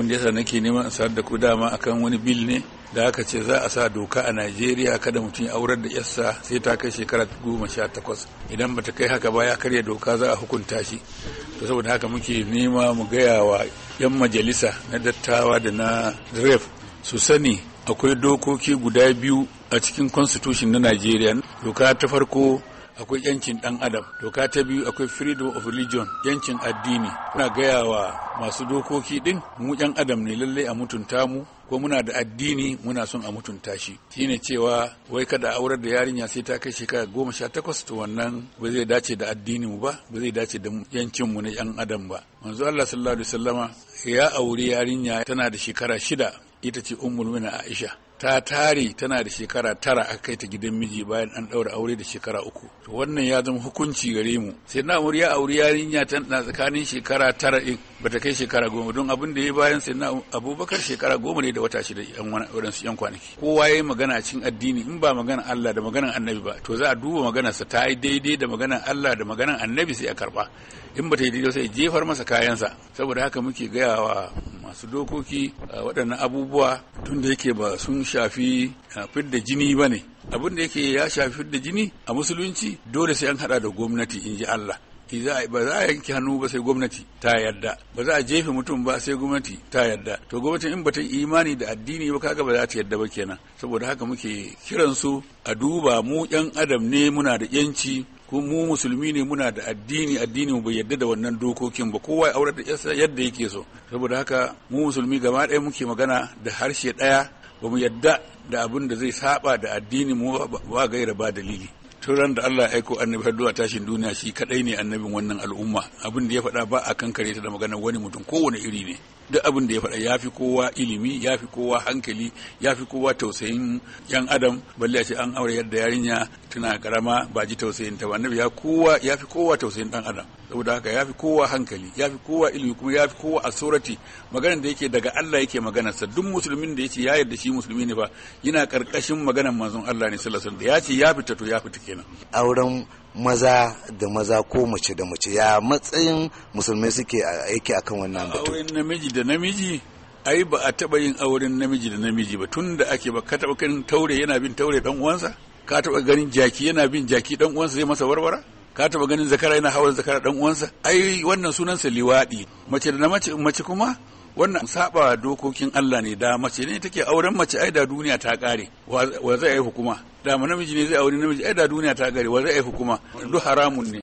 abin da yasa nake neman in sanar da ku dama akan wani bil ne da aka ce za a sa doka a Najeriya kada mutum ya aurar da yarsa sai ta kai shekara goma sha takwas idan bata kai haka ba ya karya doka za a hukunta shi to saboda haka muke nema mu gaya wa 'yan majalisa na dattawa da na ref su sani akwai dokoki guda biyu a cikin constitution na Najeriya doka ta farko akwai yancin dan adam doka ta biyu akwai freedom of religion yancin addini muna gaya wa masu dokoki din mu yan adam ne lallai a mutunta mu ko muna da addini muna son a mutunta shi shine cewa wai kada aurar da yarinya sai ta kai shekara goma sha takwas to wannan ba zai dace da addini mu ba ba zai dace da yancin mu na yan adam ba manzo Allah sallallahu alaihi wasallama ya auri yarinya tana da shekara shida ita ce ummul mina Aisha ta tare tana da shekara tara aka kai ta gidan miji bayan an ɗaura aure da shekara uku to wannan ya zama hukunci gare mu sai na ya auri yarinya tana tsakanin shekara tara ba ta kai shekara goma don abin da ya bayan sai na abubakar shekara goma ne da wata shida yan waɗansu yan kwanaki kowa ya yi magana cikin addini in ba magana Allah da maganan annabi ba to za a duba sa ta yi daidai da maganan Allah da maganan annabi sai a karba in ba ta yi daidai sai jefar masa kayansa saboda haka muke gaya wa masu dokoki waɗannan abubuwa tun da yake ba sun shafi fidda jini ba ne abin da yake ya shafi fidda jini a musulunci dole sai an haɗa da gwamnati in ji Allah ba za a yanke hannu ba sai gwamnati ta yarda ba za a jefe mutum ba sai gwamnati ta yarda to gwamnatin in bata imani da addini ba kaga ba za ta yarda ba kenan saboda haka muke kiran su a duba mu yan adam ne muna da yanci ko mu musulmi ne muna da addini addini mu bai yarda da wannan dokokin ba kowa ya aure da yadda yake so saboda haka mu musulmi gaba ɗaya muke magana da harshe ɗaya ba mu yarda da abin da zai saba da addini mu ba gaira ba dalili turan da Allah ya aiko annabi har zuwa tashin duniya shi kadai ne annabin wannan al'umma abin da ya faɗa ba a kankare ta da maganar wani mutum kowane iri ne duk abin da ya faɗa ya fi kowa ilimi ya fi kowa hankali ya fi kowa tausayin yan adam balle a ce an aure yadda yarinya tana karama ba ji tausayin ta ba annabi ya kowa ya fi kowa tausayin dan adam saboda haka ya fi kowa hankali ya fi kowa ilimi kuma ya fi kowa asorati maganar da yake daga Allah yake magana sa duk musulmin da yake ya yarda shi musulmi ne ba yana karkashin maganar manzon Allah ne sallallahu alaihi wasallam ya ce ya fita to ya fita kenan auren maza da maza ko mace da mace ya matsayin musulmai suke aiki akan wannan batu auren namiji da namiji ai ba a taba yin auren namiji da namiji ba tunda da ake ba ka taba kan taure yana bin taure dan uwansa ka taba ganin jaki yana bin jaki dan uwansa zai masa warwara ka taba ganin zakara yana hawan zakara dan uwansa ai wannan sunan sa liwadi mace da mace mace kuma wannan saba dokokin Allah ne da mace ne take auren mace ai da duniya ta kare wa zai ai hukuma da namiji ne zai aure namiji ai da duniya ta kare wa zai ai hukuma duk haramun ne